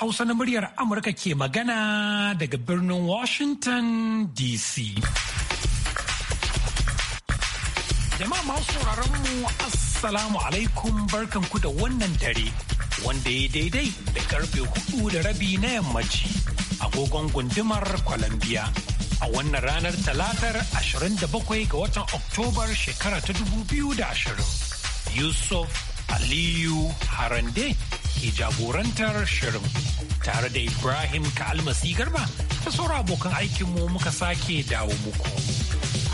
Hausa na muryar Amurka ke magana daga birnin Washington DC. Jama'a masu sauraron mu Assalamu alaikum barkanku da wannan dare wanda ya daidai da karfe hudu da rabi na yammaci agogon gundumar Columbia. A wannan ranar talatar 27 ga watan Oktobar shekara ta 2020. Yusuf Aliyu Harande ke jagorantar shirin tare da Ibrahim ka almasi Garba ta sauran abokan aikinmu muka sake dawo muku.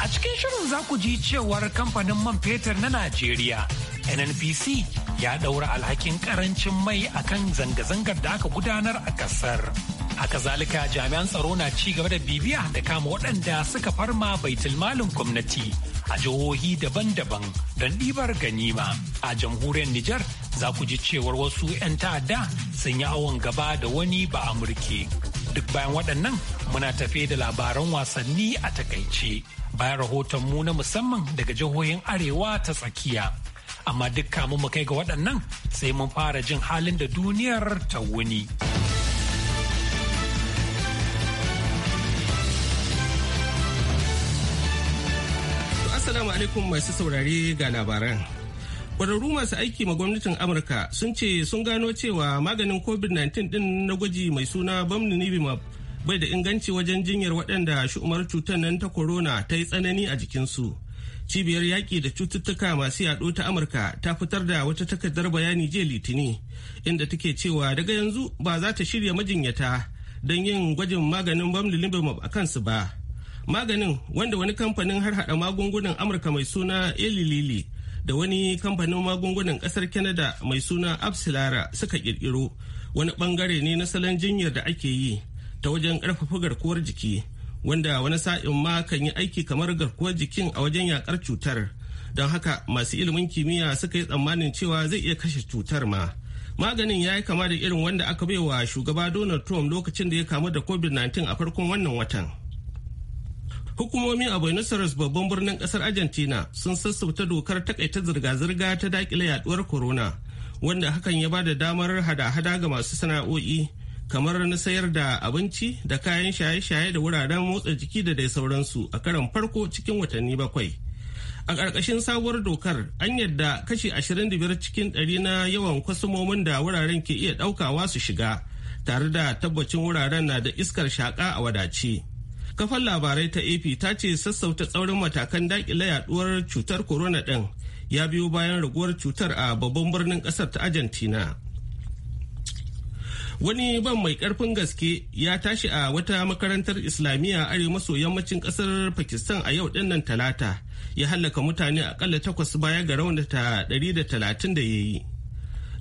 A cikin shirin za ku ji cewar kamfanin man fetur na Najeriya NNPC ya ɗaura alhakin karancin mai akan zanga-zangar da aka gudanar a ƙasar. Haka zalika jami'an tsaro na ci gaba da bibiya da kama waɗanda suka farma tilmalin gwamnati a jihohi daban-daban don ɗibar ganima a jamhuriyar Nijar za ku ji cewar wasu 'yan ta'adda sun yi awon gaba da wani ba a murke Duk bayan waɗannan muna tafe da labaran wasanni a takaice bayan rahotonmu na musamman daga jihohin Arewa ta tsakiya. Amma duk kamun mu kai ga waɗannan sai mun fara jin halin da duniyar ta wuni. Assalamu alaikum masu saurari ga labaran. Kwararru masu aiki ma gwamnatin Amurka sun ce sun gano cewa maganin COVID-19 ɗin na gwaji mai suna Bamninibimab bai da inganci wajen jinyar waɗanda shu'umar cutar nan ta corona ta yi tsanani a jikinsu. Cibiyar yaƙi da cututtuka masu yaɗo ta Amurka ta fitar da wata takardar bayani jiya Litini, inda take cewa daga yanzu ba za ta shirya majinyata don yin gwajin maganin Bamlinibimab a kansu ba. Maganin wanda wani kamfanin har hada magungunan Amurka mai suna Eli lili da wani kamfanin magungunan kasar canada mai suna absilara suka kirkiro wani bangare ne na salon jinyar da ake yi ta wajen karfafa garkuwar jiki wanda wani sa'in ma kan yi aiki kamar garkuwar jikin a wajen yakar cutar don haka masu ilimin kimiyya suka yi tsammanin cewa zai iya kashe cutar ma maganin ya yi kama da irin wanda aka baiwa shugaba donald trump lokacin da ya kamu da covid-19 a farkon wannan watan Hukumomi a Buenos Aires babban birnin kasar Argentina sun sassauta dokar takaita zirga-zirga ta dakile yaduwar corona wanda hakan ya ba da damar hada-hada ga masu sana'o'i kamar na sayar da abinci da kayan shaye-shaye da wuraren motsa jiki da dai sauransu a karan farko cikin watanni bakwai. A ƙarƙashin sabuwar dokar an yadda kashi 25 cikin ɗari na yawan kwasumomin da wuraren ke iya ɗaukawa su shiga tare da tabbacin wuraren na da iskar shaƙa a wadace. kafar labarai ta ap ta ce sassauta tsaurin matakan dakile yaduwar cutar corona din ya biyo bayan raguwar cutar a babban birnin kasar ta argentina wani ban mai karfin gaske ya tashi a wata makarantar islamiyya arewa maso yammacin ƙasar pakistan a yau dinnan talata ya hallaka mutane akalla takwas baya ga raunata ɗari da talatin ya yi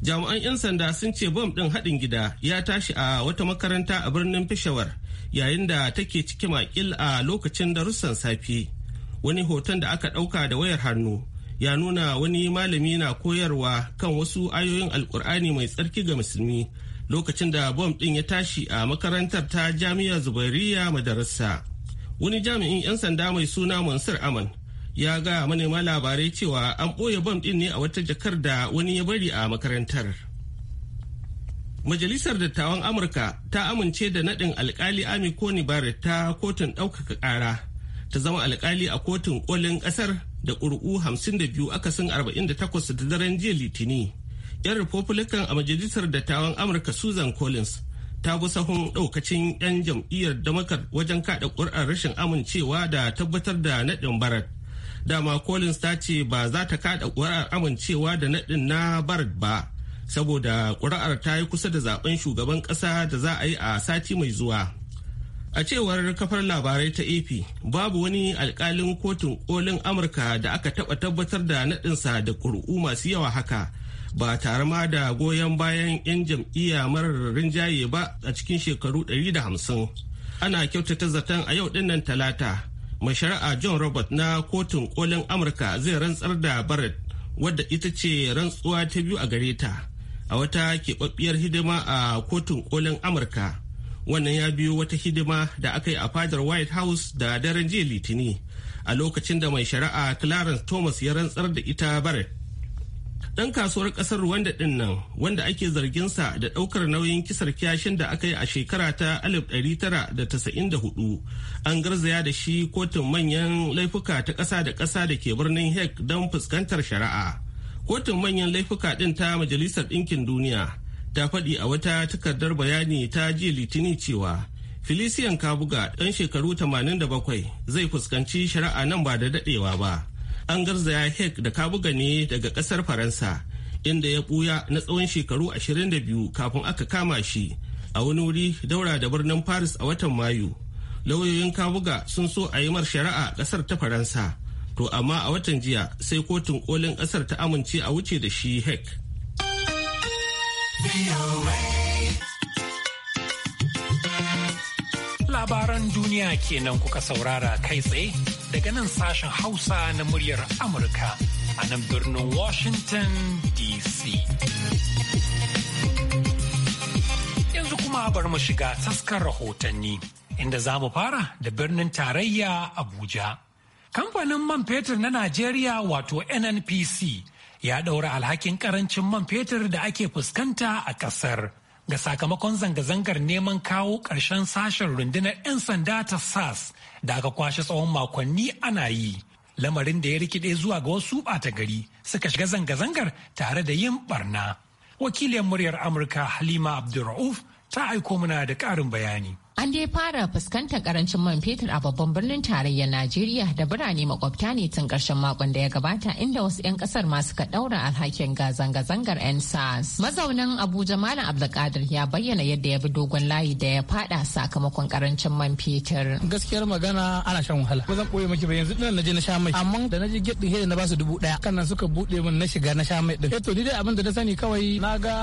jami'an 'yan sanda sun ce bom din haɗin gida ya tashi a wata makaranta a birnin peshawar yayin da take cike makil a lokacin darussan safe wani hoton da aka ɗauka da wayar hannu ya nuna wani malami na koyarwa kan wasu ayoyin alkur'ani mai tsarki ga musulmi lokacin da bom ɗin ya tashi a makarantar ta jami'ar zubairiya madarasa wani jami'in 'yan sanda mai suna mansur aman ya ga manema labarai cewa an ɓoye bom ɗin ne a wata jakar da wani ya bari a makarantar. Majalisar Dattawan Amurka ta amince da naɗin alkali Ami Koni Barrett ta kotun ɗaukaka ƙara ta zama alkali a kotun kolin ƙasar da ƙuri'u 52 akasin 48 da daren jiya litini. 'Yan Republican a Majalisar Dattawan Amurka Susan Collins ta bi sahun ɗaukacin 'yan jam'iyyar damakar wajen kaɗa ƙuri'ar rashin amincewa da tabbatar da naɗin Barrett. dama collins ta ce ba za ta kaɗa ƙuri'ar amincewa da naɗin na Barrett ba saboda ƙuri'ar ta yi kusa da zaben shugaban ƙasa da za a yi a sati mai zuwa. A cewar kafar labarai ta AP, babu wani alkalin kotun kolin Amurka da aka taɓa tabbatar da naɗinsa da ƙuri'u masu yawa haka, ba tare ma da goyon bayan 'yan jam'iyya marar rinjaye ba a cikin shekaru 150. Ana kyautata zaton a yau dinnan talata, mai shari'a John Robert na kotun kolin Amurka zai rantsar da Barrett, wadda ita ce rantsuwa ta biyu a gare ta. a wata keɓaɓɓiyar hidima a kotun kolin amurka wannan ya biyo wata hidima da aka yi a fadar white house da daren jiya litini a lokacin da mai shari'a clarence thomas ya rantsar da ita barrett dan kasuwar kasar rwanda din nan wanda ake zarginsa da daukar nauyin kisar kiyashin da aka yi a shekara ta 1994 an garzaya da shi kotun manyan laifuka ta kasa da kasa da ke birnin hague don fuskantar shari'a kotun manyan laifuka ɗin ta majalisar ɗinkin duniya ta faɗi a wata takardar bayani ta jiya litini cewa felician kabuga ɗan shekaru 87 zai fuskanci shari'a nan ba da daɗewa ba an garzaya hek da kabuga ne daga ƙasar faransa inda ya ɓuya na tsawon shekaru 22 kafin aka kama shi a wani wuri daura da birnin paris a watan mayu lauyoyin kabuga sun so a yi mar shari'a ƙasar ta faransa to amma a watan jiya sai kotun kolin kasar ta amince a wuce da shi hek labaran duniya kenan kuka saurara kai tsaye daga nan sashen hausa na muryar amurka a nan birnin washington dc yanzu kuma bar mu shiga taskar rahotanni inda za mu fara da birnin tarayya abuja Kamfanin man fetur na Najeriya wato NNPC ya ɗaura alhakin ƙarancin man fetur da ake fuskanta a ƙasar. Ga sakamakon zanga-zangar neman kawo ƙarshen sashen rundunar 'yan sanda ta SAS da aka kwashe tsawon makonni ana yi. Lamarin da ya rikide zuwa ga wasu ɓata gari suka shiga zanga-zangar tare da yin ɓarna. Wakiliyar muryar Amurka Halima Abdulra'uf ta aiko Muna da ƙarin bayani. An dai fara fuskantar karancin man fetur a babban birnin tarayyar Najeriya da birane makwabta ne tun karshen makon da ya gabata inda wasu 'yan kasar ma suka daura alhakin ga zanga-zangar 'yan Mazaunin Abuja Malam Abdulkadir ya bayyana yadda ya bi dogon layi da ya fada sakamakon karancin man fetur. Gaskiyar magana ana shan wahala. Ba zan koyi maki ba yanzu na je na sha mai amma da na je gate na ba su dubu daya kan nan suka bude min na shiga na sha mai din. Eh to ni dai abin da na sani kawai na ga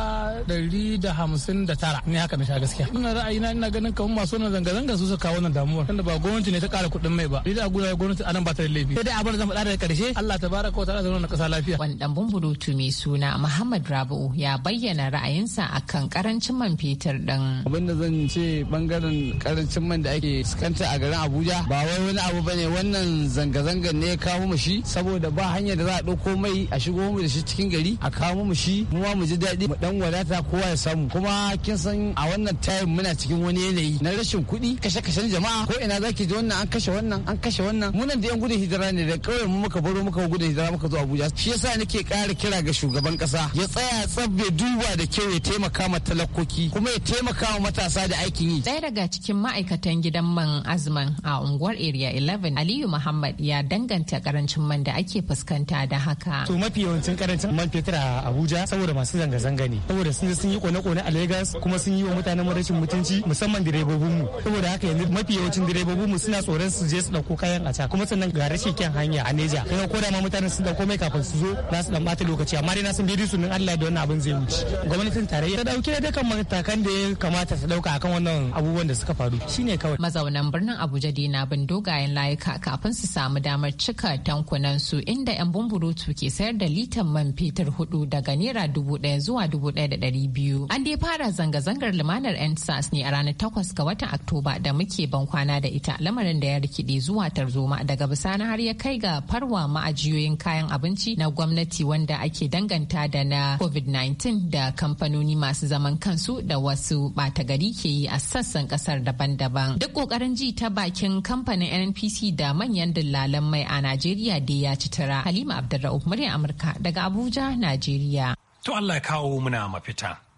ɗari da hamsin da tara ne haka na sha gaskiya. Ina ra'ayi na ina ganin kamar masu wannan zanga-zanga su suka kawo wannan damuwar tunda ba gwamnati ne ta kara kuɗin mai ba ni da gudanar gwamnati anan ba ta da laifi sai dai abin da zan faɗa daga ƙarshe Allah tabaraka wa ta zauna na ƙasa lafiya wani dan bumbulutu mai suna Muhammad Rabi'u ya bayyana ra'ayinsa akan karancin man fetur din abin da zan ce bangaren karancin man da ake fuskanta a garin Abuja ba wai wani abu bane wannan zanga-zangan ne ya kawo mu shi saboda ba hanyar da za a ɗauko mai a shigo mu da shi cikin gari a kawo mu shi mu ma mu ji daɗi mu dan wadata kowa ya samu kuma kin san a wannan time muna cikin wani yanayi na na rashin kuɗi kashe-kashen jama'a ko ina zaki ji wannan an kashe wannan an kashe wannan munan da yan gudun hijira ne da kawai mu muka baro muka gudun hijira muka zo Abuja shi yasa nake ƙara kira ga shugaban ƙasa ya tsaya tsabbe duba da kyau ya taimaka ma talakoki kuma ya taimaka ma matasa da aikin yi ɗaya daga cikin ma'aikatan gidan man azman a unguwar area 11 Aliyu Muhammad ya danganta karancin man da ake fuskanta da haka to mafi yawancin karancin man fetur a Abuja saboda masu zanga-zanga ne saboda sun sun yi kone-kone a Lagos kuma sun yi wa mutanen rashin mutunci musamman direbobi direbobin mu saboda haka yanzu mafi yawancin direbobin mu suna tsoron su je su dauko kayan a kuma sannan ga rashin kyan hanya a neja kuma ko da ma mutane sun dauko mai kafin su zo za su dan bata lokaci amma dai na san daidai sunan Allah da wannan abin zai wuce gwamnatin tarayya ta dauki da kan matakan da ya kamata ta dauka akan wannan abubuwan da suka faru shine kawai mazaunan birnin Abuja dai bin dogayen layuka kafin su samu damar cika tankunan su inda yan bumburutu ke sayar da litan man fetur hudu daga naira dubu daya zuwa dubu daya da dari biyu an dai fara zanga-zangar lumanar 'yan sas ne a ranar takwas ga watan Oktoba da muke ban kwana da ita lamarin da ya rikide zuwa tarzoma daga bisani har ya kai ga farwa ma'ajiyoyin kayan abinci na gwamnati wanda ake danganta da na COVID-19 da kamfanoni masu zaman kansu da wasu ɓata gari ke yi a sassan ƙasar daban-daban. Duk ƙoƙarin ji ta bakin kamfanin NPC da manyan dillalan mai a Najeriya da ya ci tara. Halima Abdulra'uf murya Amurka daga Abuja, Najeriya. To Allah kawo muna mafita.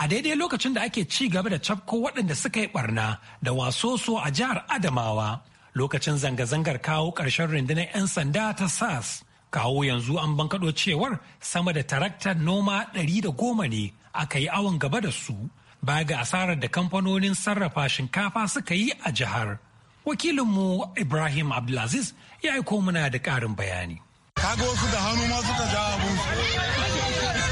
a daidai lokacin da ake ci gaba da cafko waɗanda suka yi barna da wasoso a jihar adamawa lokacin zanga-zangar kawo ƙarshen rundunar 'yan sanda ta sas kawo yanzu an bankaɗo cewar sama da taraktar noma ɗari da goma ne aka yi awon gaba da su baya ga asarar da kamfanonin sarrafa shinkafa suka yi a jihar wakilinmu ibrahim abdulaziz ya aiko muna da ƙarin bayani kaga wasu da hannu ma suka ja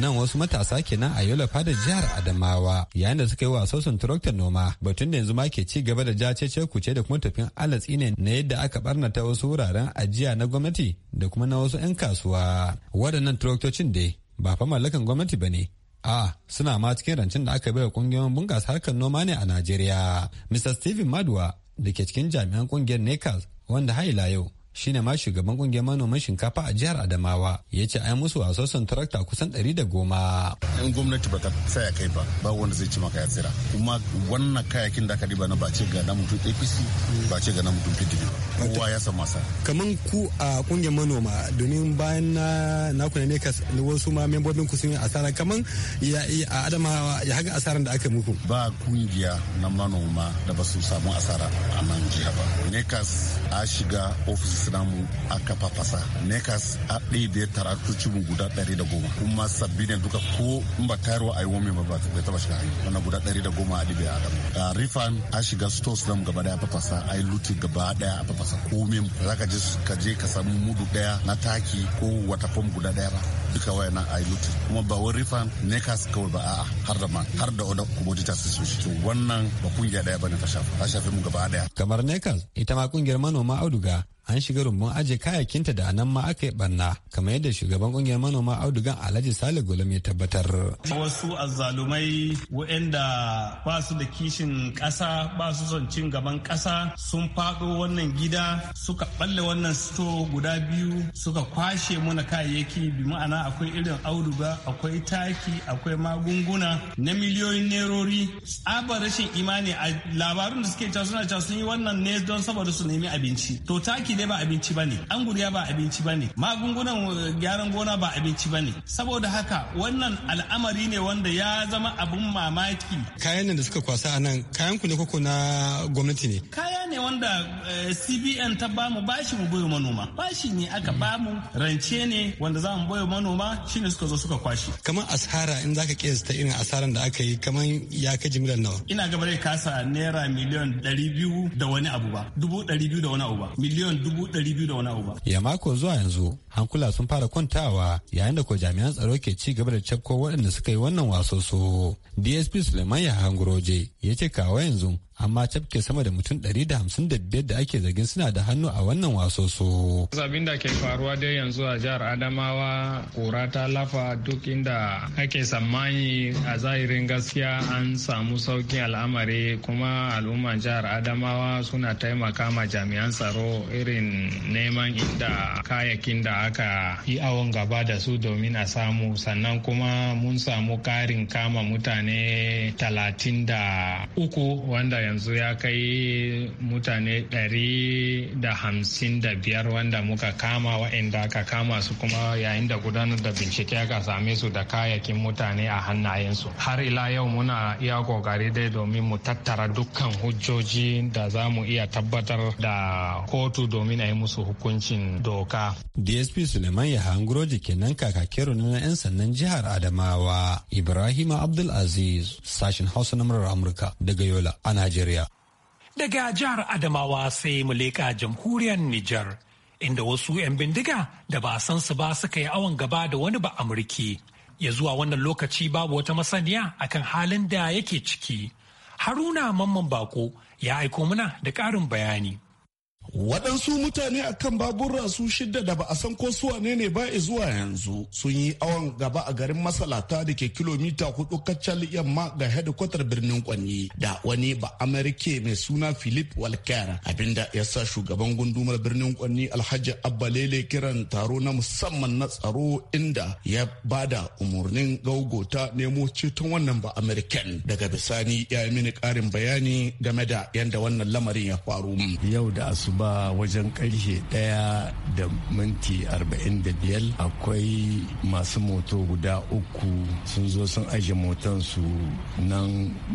nan wasu matasa kenan a yola fada jihar adamawa yayin da suka yi wa sosan noma batun da yanzu ma ke ci gaba da jacece kuce da kuma tafin alatsi ne na yadda aka barnata wasu wuraren ajiya na gwamnati da kuma na wasu 'yan kasuwa waɗannan turaktocin dai ba fa mallakan gwamnati ba ne a suna ma cikin rancen da aka baiwa kungiyoyin bunƙasa harkar noma ne a najeriya mr stephen madwa da ke cikin jami'an ƙungiyar necas wanda haila yau shine ma shugaban kungiyar manoman shinkafa a jihar Adamawa ya ce ai musu wasosan tarakta kusan ɗari da goma. In gwamnati ba ta tsaya kai ba ba wanda zai ci maka ya tsira kuma wannan kayakin da aka riba na ba ce ga na mutum APC ba ce ga na mutum PDP kowa ya san masa. Kaman ku a kungiyar manoma domin bayan na kuna ne ka wasu ma membobin ku sun yi asara kaman ya a Adamawa ya haga asaran da aka muku. Ba kungiya na manoma da ba su samu asara a nan jiha ba. ka a shiga ofis nekas a aka fafasa nekas a ɗaiɗe tara cibin guda ɗari da goma kuma sabbi ne duka ko in ba tayarwa a yi wani ba ba ta taba shiga hanyar wannan guda ɗari da goma a ɗibe a a rifan a shiga stores namu gaba ɗaya a fafasa a yi luti gaba ɗaya a ko komai za ka je ka je ka samu mudu ɗaya na taki ko wata fom guda ɗaya ba duka waya na a yi luti kuma ba wani rifan nekas kawai ba a'a har da ma har da oda commodities su shi wannan ba kungiya ɗaya ba ne ta shafa ta shafi mu gaba ɗaya kamar nekas ita ma kungiyar manoma auduga an shiga rumbun ajiye kayakinta da anan ma aka yi barna kamar yadda shugaban kungiyar manoma audugan alhaji sale gulam ya tabbatar wasu azzalumai waɗanda ba su da kishin ƙasa ba su son cin gaban ƙasa sun faɗo wannan gida suka balle wannan sito guda biyu suka kwashe mana kayayyaki bi ma'ana akwai irin auduga akwai taki akwai magunguna na miliyoyin nerori tsabar rashin imani a labarun da suke cewa suna cewa sun yi wannan ne don saboda su nemi abinci to taki taki ne ba abinci ba ne an guriya ba abinci ba ne magungunan uh, gyaran gona ba abinci ba ne saboda haka wannan al'amari ne wanda ya zama abun mamaki kayan nan da suka kwasa a nan kayan ku ne koko na gwamnati ne kaya ne wanda uh, cbn ta bamu bashi mu boye manoma bashi ne aka bamu rance ne wanda za mu boye manoma shine suka zo suka kwashi kamar asara in zaka kiyasta irin asaran da aka yi kamar ya ji miliyan nawa ina gaba kasa naira miliyan 200 da wani abu ba 200 da wani abu ba miliyan dubu ɗari biyu da wani abu ba. ya mako zuwa yanzu hankula sun fara kwantawa yayin da ko jami'an tsaro ke ci gaba da cafko waɗanda suka yi wannan wasoso dsp suleiman ya ya ce kawo yanzu amma cafke sama da mutum 150 da da biyar ake zargin suna da hannu a wannan wasoso. Zabin da ke faruwa dai yanzu a jihar Adamawa kura ta lafa duk inda ake tsammani a zahirin gaskiya an samu sauƙin al'amari kuma al'umman jihar Adamawa suna taimaka ma jami'an tsaro irin neman inda kayakin da aka yi awon gaba da su domin a samu sannan kuma mun samu ƙarin kama mutane talatin uku wanda yanzu ya kai mutane da da hamsin biyar wanda muka kama wa'inda aka kama su kuma yayin da gudanar da bincike aka same su da kayakin mutane a hannayensu har ila yau muna iya kokari dai domin mu tattara dukkan hujjoji da za mu iya tabbatar da kotu domin a yi musu hukuncin doka dsp suleiman ya hanguro kenan kakakiru na 'yan sannan jihar adamawa ibrahim abdulaziz sashen hausa na murar amurka daga yola a Najeriya. Daga jihar Adamawa sai mu leƙa jamhuriyar Nijar, inda wasu 'yan bindiga da ba san su ba suka yi awon gaba da wani ba Amurki. Ya zuwa wannan lokaci babu wata masaniya akan halin da yake ciki. Haruna Mamman Bako ya aiko mana da ƙarin bayani. waɗansu mutane a kan babura su shidda da ba a san ko su ne ne ba zuwa yanzu sun yi awon gaba a garin masalata da ke kilomita hudu kacal yamma ga hedikwatar birnin kwanni da wani ba amerike mai suna philip walker abinda ya sa shugaban gundumar birnin kwanni alhaji abbalele kiran taro na musamman na tsaro inda ya bada umarnin ta nemo ceton wannan ba american daga bisani ya yi mini karin bayani game da yadda wannan lamarin ya faru yau da asuba ba wajen karshe daya da minti arba'in da biyar akwai masu moto guda uku sun zo sun aje su nan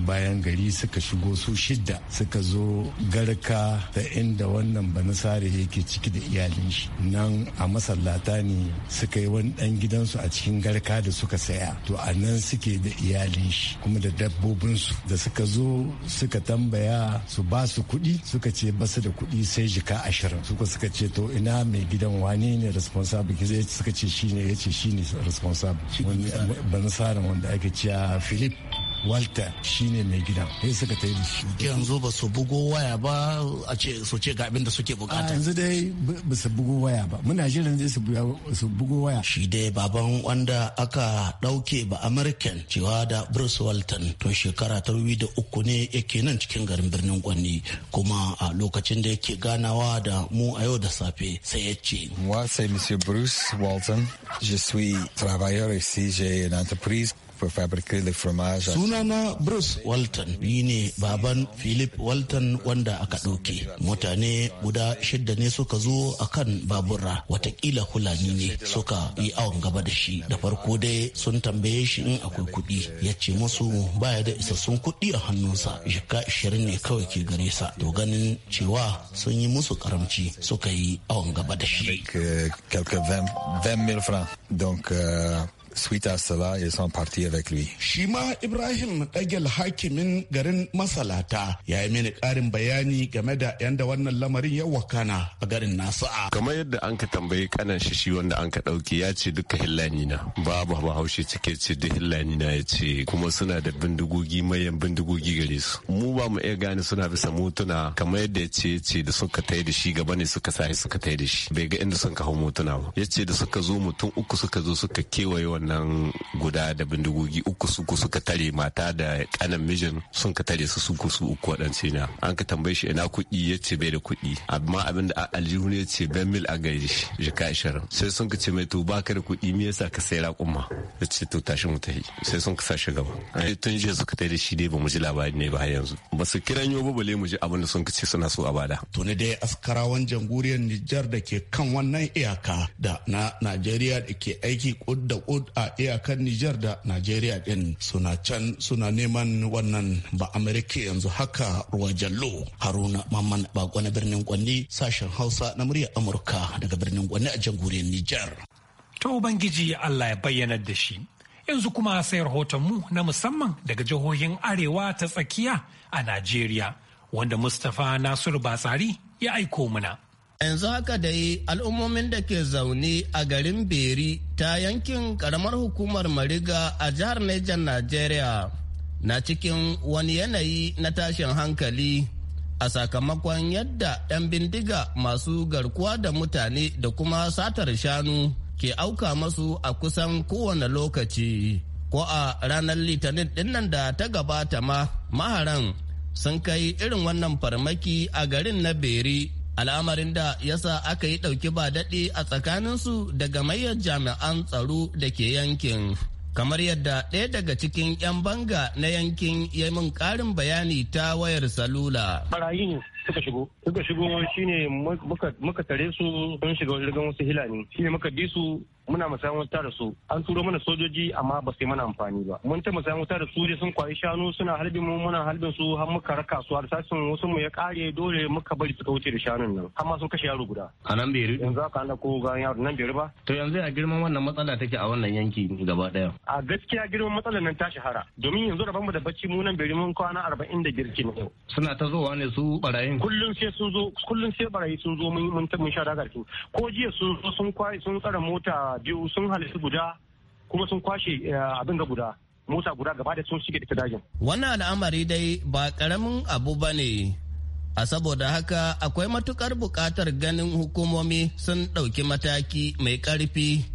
bayan gari suka shigo su shidda suka zo garka da inda wannan banasare yake ciki da iyalin shi nan a masallata ne suka yi wani ɗan gidansu a cikin garka da suka saya to a nan suke da iyalin shi kuma da dabbobinsu da suka zo suka tambaya su ba su kuɗi suka ce basu da kuɗi sai jika ashirin suka suka ce to ina mai gidan wani ne responsible ki zai suka ce shine ya ce shine responsible wani bansarin wanda ake cewa philip walter shine mai gidan sai suka ta yi da su yanzu ba su bugo waya ba a ce su ce ga abin da suke bukata yanzu dai ba su bugo waya ba muna shirin zai su bugo waya shi dai baban wanda aka dauke ba american cewa da bruce walton tun shekara ta da uku ne yake nan cikin garin birnin gwanni kuma a lokacin da yake ganawa da mu a yau da safe sai ya ce moi c'est bruce walton je suis travailleur ici j'ai une entreprise Sunana Bruce Walton ni ne baban Philip Walton wanda aka ɗauke. Mutane guda shidda ne suka zo a kan babura watakila hulani ne suka yi awon gaba da shi. Da farko dai sun tambaye shi in akwai kuɗi ya ce musu baya da isassun kuɗi a hannunsa jika ishirin ne kawai ke gare sa. To ganin cewa sun yi musu karamci suka yi awon gaba da shi. Euh, Donc, euh, suite à cela, ils sont partis avec lui. Shi ma Ibrahim ɗagel hakimin garin Masalata ya yi mini ƙarin bayani game da yadda wannan lamarin ya wakana a garin Nasa'a. Kamar yadda an ka tambayi kanan shi shi wanda an ka ɗauki ya ce duka hillani na. Babu bahaushe cike ce duk hillani na ya ce kuma suna da bindigogi mayan bindigogi gare su. Mu ba mu iya gane suna bisa motuna kamar yadda ya ce ce da suka tai da shi gaba ne suka suka tai da shi. Bai ga inda sun ka hau ba. Ya da suka zo mutum uku suka zo suka kewaye wannan guda da bindigogi uku su suka tare mata da kanan mijin sun ka tare su su ko su uku waɗance na an ka tambaye shi ina kuɗi ya ce bai da kuɗi amma abin da aljihu ne ya ce ben mil a gari jika ishirin sai sun ka ce mai to ba ka da kuɗi me yasa ka sai raƙumma ya ce to tashi mu sai sun ka sa shi gaba eh, tun jiya suka tare shi ne ba mu ji labari ne ba yanzu ba su kiran yau ba bale mu ji abin da sun ka ce suna so a bada. to ne dai askarawan jamhuriyar Nijar da ke kan wannan iyaka da na Najeriya da ke aiki kud da kud a iyakar Nijar da Najeriya din suna can suna neman wannan ba Amerika yanzu haka ruwa jallo Haruna Mamman Bako na birnin Gwanni sashen Hausa na muryar Amurka daga birnin Gwanni a jamhuriyar Nijar. Ta Ubangiji Allah ya bayyana da shi. Yanzu kuma sai rahoton mu na musamman daga jihohin Arewa ta tsakiya a Najeriya wanda Mustapha Nasiru Batsari ya aiko muna yanzu haka dai al'ummomin da ke zaune a garin beri ta yankin karamar hukumar Mariga a jihar Niger Najeriya na cikin wani yanayi na tashin hankali a sakamakon yadda 'yan bindiga masu garkuwa da mutane da kuma satar shanu ke auka masu a kusan kowane lokaci. Ko a ranar Litinin dinnan da ta gabata ma maharan sun kai irin wannan farmaki a garin na Beri al'amarin da yasa aka yi ɗauki ba daɗi a tsakaninsu da gamayyar jami'an tsaro da ke yankin kamar yadda ɗaya daga cikin 'yan banga na yankin ya min ƙarin bayani ta wayar salula. ne suka shigo suka shigo shine muka tare su sun shiga wani rigan wasu hila ne shine muka bi su muna musayan wuta da su an turo mana sojoji amma ba su mana amfani ba mun ta musayan wuta da su je sun kwayi shanu suna harbin mu muna harbin su har muka raka su har sasin wasu mu ya kare dole muka bari suka wuce da shanun nan amma sun kashe yaro guda a nan bai yanzu aka ana ko ga yaro nan bai ba to yanzu a girman wannan matsala take a wannan yanki gaba daya a gaskiya girman matsalar nan ta shahara domin yanzu da mu da bacci mu nan bai mun kwana arba'in da girki ne suna ta zowa ne su barayin kullum sai sun zo kullum sai barayi sun zo mun mun sha dagarki ko jiya sun zo sun kwai sun tsara mota biyu sun halittu guda kuma sun kwashe eh, abin ga guda mota guda gaba da sun shige da dajin. Wannan al'amari dai ba karamin abu ba ne. A saboda haka akwai matukar buƙatar ganin hukumomi sun ɗauki mataki mai ƙarfi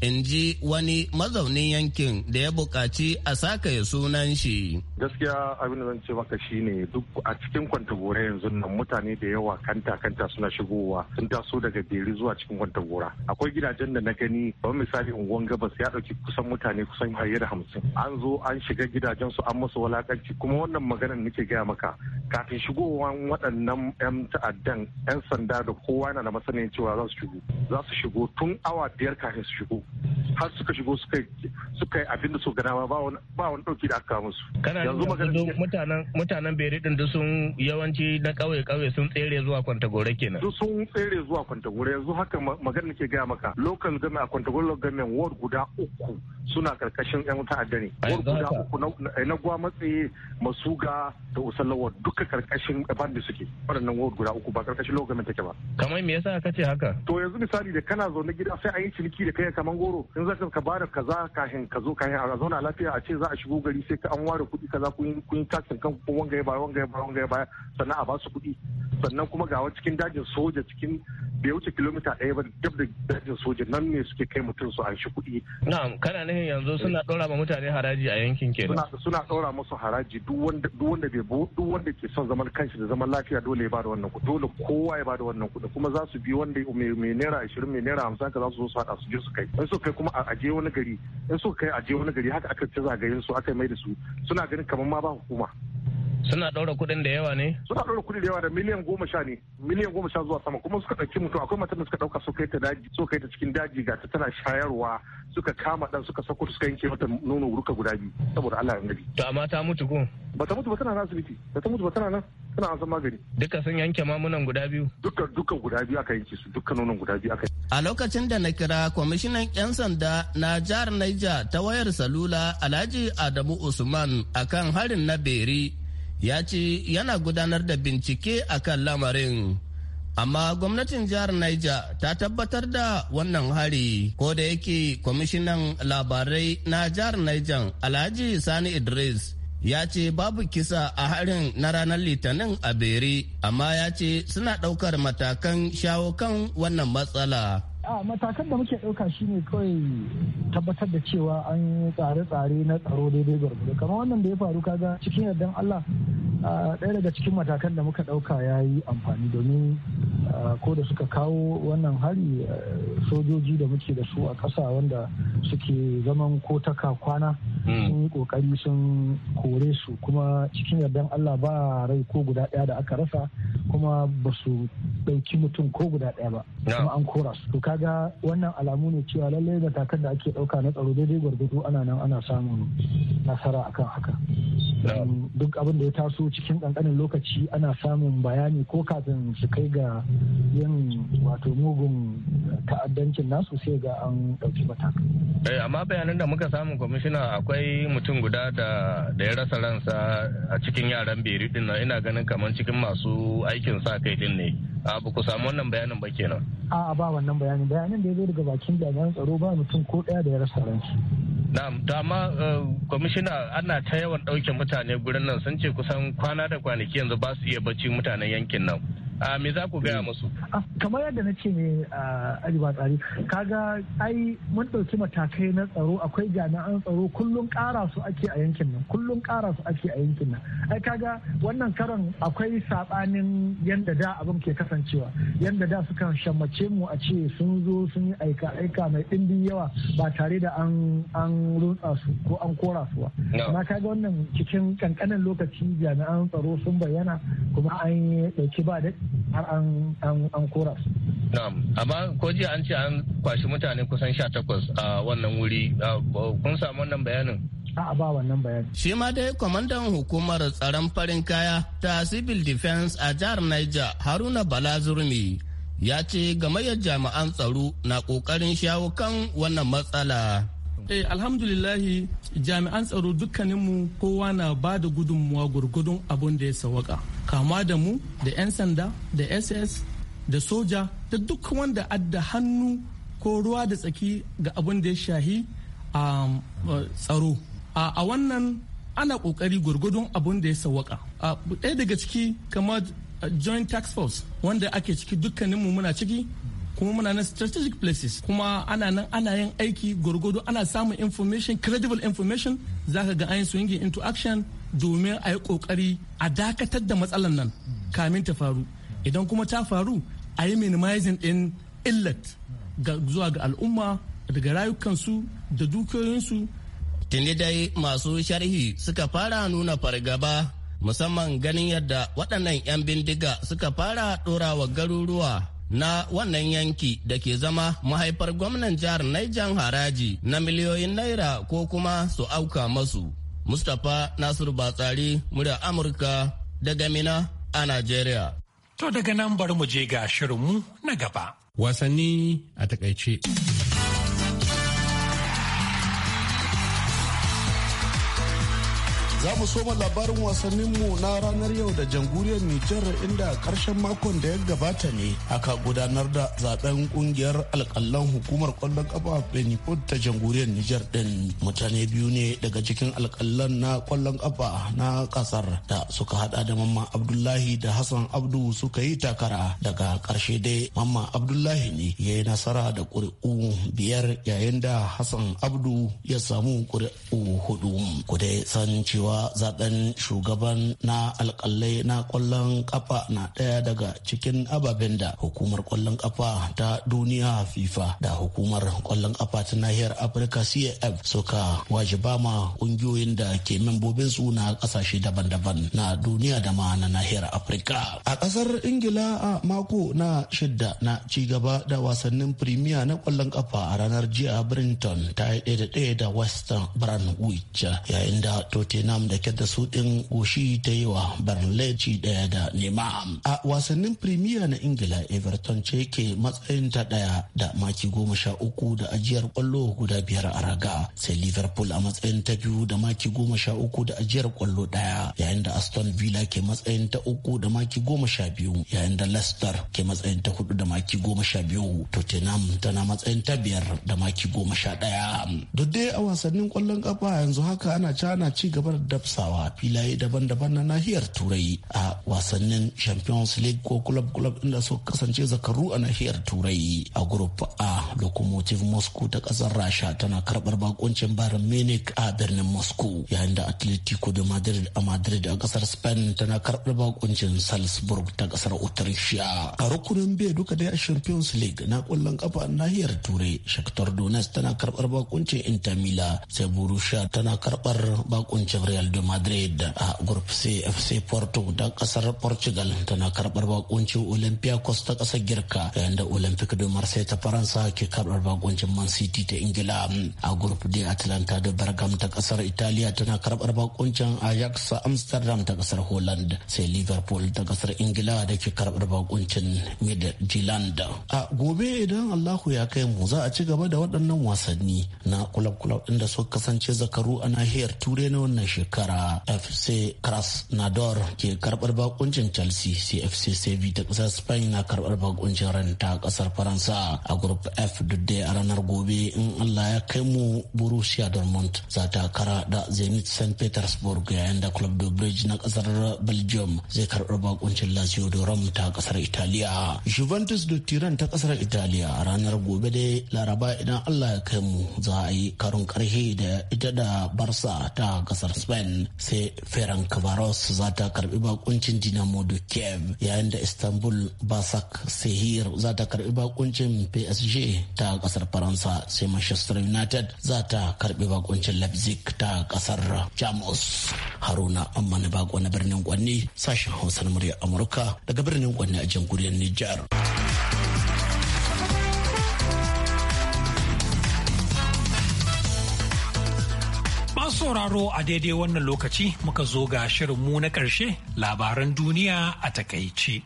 in ji wani mazaunin yankin da ya buƙaci a ya sunan shi. Gaskiya abin da zan ce maka ne duk a cikin kwantagora yanzu nan mutane da yawa kanta kanta suna shigowa sun taso daga beri zuwa cikin kwantagora. Akwai gidajen da na gani kamar misali unguwan gabas ya ɗauki kusan mutane kusan fiye da hamsin. An zo an shiga gidajen su an musu walakanci kuma wannan maganar nake gaya maka kafin shigowan waɗannan 'yan ta'addan 'yan sanda da kowa yana da masaniyan cewa za su shigo. Za su shigo tun awa biyar kafin su shigo. har suka shigo suka yi abin da suka gana ba wani ɗauki da aka musu. Kana yanzu mutanen mutanen Bere din sun yawanci na ƙauye ƙauye sun tsere zuwa Kwantagore kenan. Duk sun tsere zuwa Kwantagore yanzu haka magana ke gaya maka local government a Kwantagore local government ward guda uku suna karkashin yan ta'adda ne. Ward guda uku na masu Masuga da Usalawa duka karkashin bandi suke. Waɗannan ward guda uku ba karkashin local ta take ba. Kamar me yasa ka ce haka? To yanzu misali da kana zaune gida sai an yi ciniki da kai kamar kayan goro in zaka ka bada kaza kafin ka zo kafin a zauna lafiya a ce za a shigo gari sai ka an ware kuɗi kaza kun kun taxin kan ko wanga ya baya wanga ya baya wanga ya sannan a ba su kuɗi sannan kuma ga cikin dajin soja cikin bai wuce kilomita ɗaya ba dab da dajin soja nan ne suke kai mutum su anshi kuɗi. na'am kana nihin yanzu suna ɗora ma mutane haraji a yankin ke. suna suna ɗora musu haraji duk wanda bai duk wanda ke son zaman kanshi da zaman lafiya dole ya bada wannan kuɗi dole kowa ya bada wannan kuɗi kuma za su bi wanda mai naira ashirin mai naira hamsin ka za su zo su haɗa su je su kai in suka kai kuma a je wani gari in suka kai a je wani gari haka aka ci zagayen su aka mai da su suna ganin kamar ma ba hukuma Suna ɗaura kuɗin da yawa ne? Suna ɗaura kuɗi da yawa da miliyan goma sha ne, miliyan goma sha zuwa sama kuma suka ɗauki mutum akwai matan da suka ɗauka suka yi ta daji, suka yi ta cikin daji ga ta tana shayarwa suka kama ɗan suka sako suka yanke mata nono ruka guda biyu saboda Allah ya nabi. To amma ta mutu ko? Ba ta mutu ba tana nan asibiti, ba ta mutu ba tana nan. tana an san magani. Duka sun yanke mamunan guda biyu? Duka duka guda biyu aka yanke su duka nonon guda biyu aka A lokacin da na kira kwamishinan 'yan sanda na jihar Niger ta wayar salula Alhaji Adamu Usman akan harin na Beri ya ce yana gudanar da bincike a kan lamarin amma gwamnatin jihar Niger ta tabbatar da wannan hari ko da yake kwamishinan labarai na jihar Niger Alhaji Sani Idris ya ce babu kisa a harin na ranar litinin a beri amma ya ce suna ɗaukar matakan shawo kan wannan matsala a matakan da muke ɗauka shine kawai tabbatar da cewa an tsare-tsare na tsaro daidai gwargwado kamar wannan da ya faru kaga cikin yardan allah ɗaya daga cikin matakan da muka ɗauka ya yi amfani domin ko da suka kawo wannan hari sojoji da muke da su a ƙasa wanda suke zaman ko taka kwana hmm. sun yi ƙoƙari sun kore su kuma cikin yardan Allah ba rai ko guda ɗaya da aka rasa kuma ba su ɗauki mutum ko guda ɗaya ba kuma an kora su ga wannan alamu ne cewa lallai matakan da ake ɗauka na tsaro daidai gwargwado ana nan ana samun nasara akan haka Mm. duk abin da ya taso cikin kankanin lokaci ana samun bayani ko kafin su kai ga yin wato mugun ta'addancin nasu sai ga an ɗauki matakai. Eh, amma bayanan da muka samu kwamishina akwai mutum guda da ya rasa ransa a cikin yaran beri din nan ina ganin kamar cikin masu aikin sa kai din ne a ku samu wannan bayanin ba kenan. a'a ba wannan bayanin bayanin da ya zo daga bakin jami'an tsaro ba mutum ko ɗaya da ya rasa ransa. Na'am, to amma uh, kwamishina ana ta yawan ɗauke mutane gurin nan sun ce kusan kwana da kwanaki yanzu ba su iya bacci mutanen yankin nan. me za ku gaya eh. musu ah, kamar yadda na ce ne a ajiba tsari kaga ai mun ɗauki matakai na tsaro akwai jami'an tsaro kullum ƙara su ake a yankin nan kullum ƙara su ake a yankin nan ai kaga wannan karan akwai saɓanin yanda da abin ke kasancewa yanda da suka shammace mu a ce sun zo sun yi aika aika mai ɗimbin yawa ba tare da an an rutsa su ko an kora su ba amma kaga wannan cikin kankanin lokaci jami'an tsaro sun bayyana kuma an yi ɗauki ba daɗi har an kora su. amma ko jiya an ce an kwashi mutane kusan sha takwas a wannan wuri kun samu wannan bayanin a'a ba wannan bayanin. Shi ma dai kwamandan hukumar tsaron farin kaya ta civil defense a jihar Niger Haruna Bala Zurmi ya ce gamayyar jami'an tsaro na ƙoƙarin shawo kan wannan matsala. Eh alhamdulillahi jami'an tsaro dukkaninmu kowa na ba da gudunmuwa gurgudun abun da ya sawaka. Kama da mu da 'yan sanda da SS da soja da duk wanda adda hannu ko ruwa da tsaki ga abun da ya shahi um, uh, a tsaro. A wannan ana kokari gurgudun abun da ya sawaka. Ɗaya daga ciki kamar uh, joint tax force wanda ake ciki dukkaninmu muna ciki kuma muna nan strategic places kuma ana nan ana yin aiki gwargwado ana samun information credible information za ka ga an swing into action domin a yi kokari a dakatar da matsalan nan kamin ta faru idan kuma ta faru a yi minimizing din illat zuwa ga al'umma daga rayukansu da dukiyoyinsu tuni dai masu sharhi suka fara nuna fargaba musamman ganin yadda waɗannan 'yan bindiga suka fara ɗorawa garuruwa na wannan yanki da ke zama mahaifar gwamnan jihar Niger haraji na miliyoyin naira ko kuma su auka masu. Mustapha Nasiru Batsari murya Amurka daga Mina a Najeriya. To daga nan bari mu je ga shirinmu na gaba. Wasanni a takaice. Za mu soma labarin wasanninmu na ranar yau da janguriyar Nijar inda karshen makon da ya gabata ne aka gudanar da zaben kungiyar alkalan hukumar kwallon kafa Benifod ta janguriyar Nijar din. Mutane biyu ne daga cikin alkalan na kwallon kafa na kasar da suka hada da mamma Abdullahi da Hassan Abdu suka yi takara daga karshe dai mamma Abdullahi ne ya yi nasara da ƙuri'u biyar yayin da Hassan Abdu ya samu ƙuri'u hudu. Ku dai cewa zaben shugaban na alkalai na kwallon kafa na ɗaya daga cikin ababen da hukumar kwallon kafa ta duniya fifa da hukumar kwallon kafa ta nahiyar afirka caf suka ba ma ƙungiyoyin da ke membobin su na ƙasashe daban-daban na duniya da ma na nahiyar afirka a ƙasar ingila a mako na shida na cigaba da wasannin premier na kwallon kafa a ranar jiya brinton ta yi ɗaya da western brand yayin da tottenham ke da su din goshi ta yi wa Burnley daya da nema. A wasannin Premier na Ingila Everton ce ke matsayin ta ɗaya da maki goma sha uku da ajiyar kwallo guda biyar a raga sai Liverpool a matsayin ta biyu da maki goma sha uku da ajiyar kwallo ɗaya yayin da Aston Villa ke matsayin ta uku da maki goma sha biyu yayin da Leicester ke matsayin ta hudu da maki goma sha biyu Tottenham tana matsayin ta biyar da maki goma sha ɗaya. Duk a wasannin kwallon kafa yanzu haka ana ci gaba da gabsawa filaye daban-daban na nahiyar turai a wasannin champions league ko club club inda suka kasance zakaru a nahiyar turai a group a locomotive moscow ta kasar rasha tana karbar bakuncin bayern munich a birnin moscow yayin da atletico de madrid a madrid a kasar spain tana karbar bakuncin salzburg ta kasar autrichia a rukunin b duka dai a champions league na kwallon kafa a nahiyar turai shakhtar donetsk tana karbar bakuncin inter mila sai borussia tana karbar bakuncin real real de madrid a group c fc porto da kasar portugal tana karbar bakuncin olympiacos ta kasar girka yayin da Olympique de marseille ta faransa ke karbar bakuncin man city ta ingila a group d atlanta da bergam ta kasar italiya tana karbar bakuncin ajax amsterdam ta kasar holland sai liverpool ta kasar ingila da ke karbar bakuncin midtjylland a gobe idan allahu ya kai mu za a ci gaba da waɗannan wasanni na kulab-kulab ɗin da suka kasance zakaru a nahiyar turai na wannan shekara shekara fc krasnodar ke karbar bakuncin chelsea cfc sevi ta kasar spain na karbar bakuncin ran ta kasar faransa a group f dudde a ranar gobe in allah ya kai mu borussia dortmund za ta kara da zenit st petersburg yayin da club de bridge na kasar belgium zai karbar bakuncin lazio rom ta kasar italiya juventus da tiran ta kasar italiya a ranar gobe dai laraba idan allah ya kai mu za a yi karin karhe da ita da barsa ta kasar spain ukraine sai Ferran Kvaros za ta karbi bakuncin dinamo da kiev yayin da istanbul basak sehir za ta karbi bakuncin psg ta kasar faransa sai manchester united za ta karbi bakuncin leipzig ta kasar jamus haruna amma na bako na birnin kwanni sashen hausa na murya amurka daga birnin kwanni a jamhuriyar nijar. sauraro a daidai wannan lokaci muka zo ga mu na ƙarshe labaran duniya a takaici.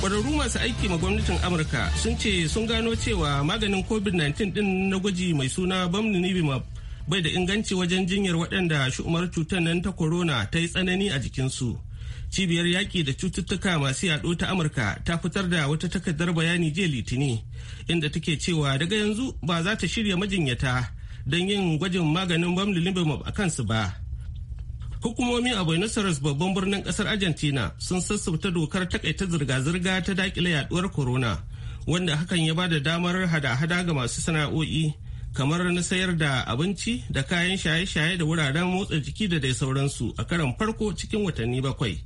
kwararru masu aiki ma gwamnatin Amurka sun ce sun gano cewa maganin COVID-19 ɗin na gwaji mai suna Bamninibimab bai da inganci wajen jinyar waɗanda shu'umar cutar nan ta corona ta yi tsanani a jikinsu. cibiyar yaƙi da cututtuka masu yaɗo ta amurka ta fitar da wata takardar bayani jiya litini inda take cewa daga yanzu ba za ta shirya majinyata don yin gwajin maganin bamlilimab a kansu ba hukumomi a buenos aires babban birnin kasar argentina sun sassauta dokar takaita zirga-zirga ta dakile yaduwar corona wanda hakan ya ba da damar hada-hada ga masu sana'o'i kamar na sayar da abinci da kayan shaye-shaye da wuraren motsa jiki da dai sauransu a karan farko cikin watanni bakwai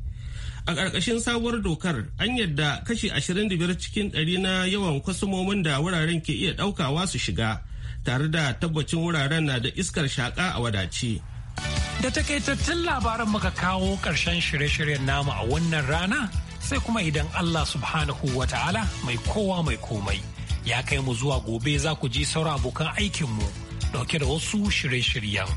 a ƙarƙashin sabuwar dokar an yadda kashi ashirin da biyar cikin ɗari na yawan kwasumomin da wuraren ke iya ɗaukawa su shiga tare da tabbacin wuraren na da iskar shaƙa a wadace. Da takaitattun labaran muka kawo ƙarshen shirye-shiryen namu a wannan rana sai kuma idan Allah subhanahu wa ta'ala mai kowa mai komai ya kai mu zuwa gobe za ku ji sauran abokan aikinmu ɗauke da wasu shirye-shiryen.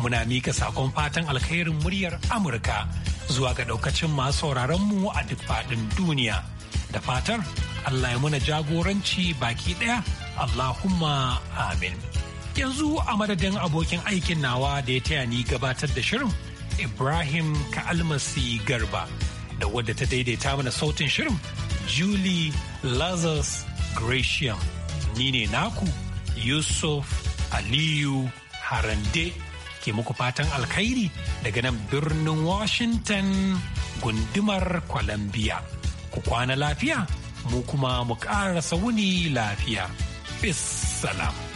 Muna mika sakon fatan alkhairin muryar Amurka zuwa ga daukacin masu sauraron mu a duk faɗin duniya. Da fatar Allah ya muna jagoranci baki ɗaya Allahumma amin. Yanzu a madadin abokin aikin nawa da ya taya ni gabatar da shirin Ibrahim Ka'almasi Garba da wadda ta daidaita mana sautin shirin Julie Lazarus Gratian, Ni ne naku Yusuf Aliyu Harande. ke muku fatan alkhairi daga nan birnin Washington gundumar Columbia. Ku kwana lafiya, mu kuma mu ƙara sauni lafiya. Bis salam.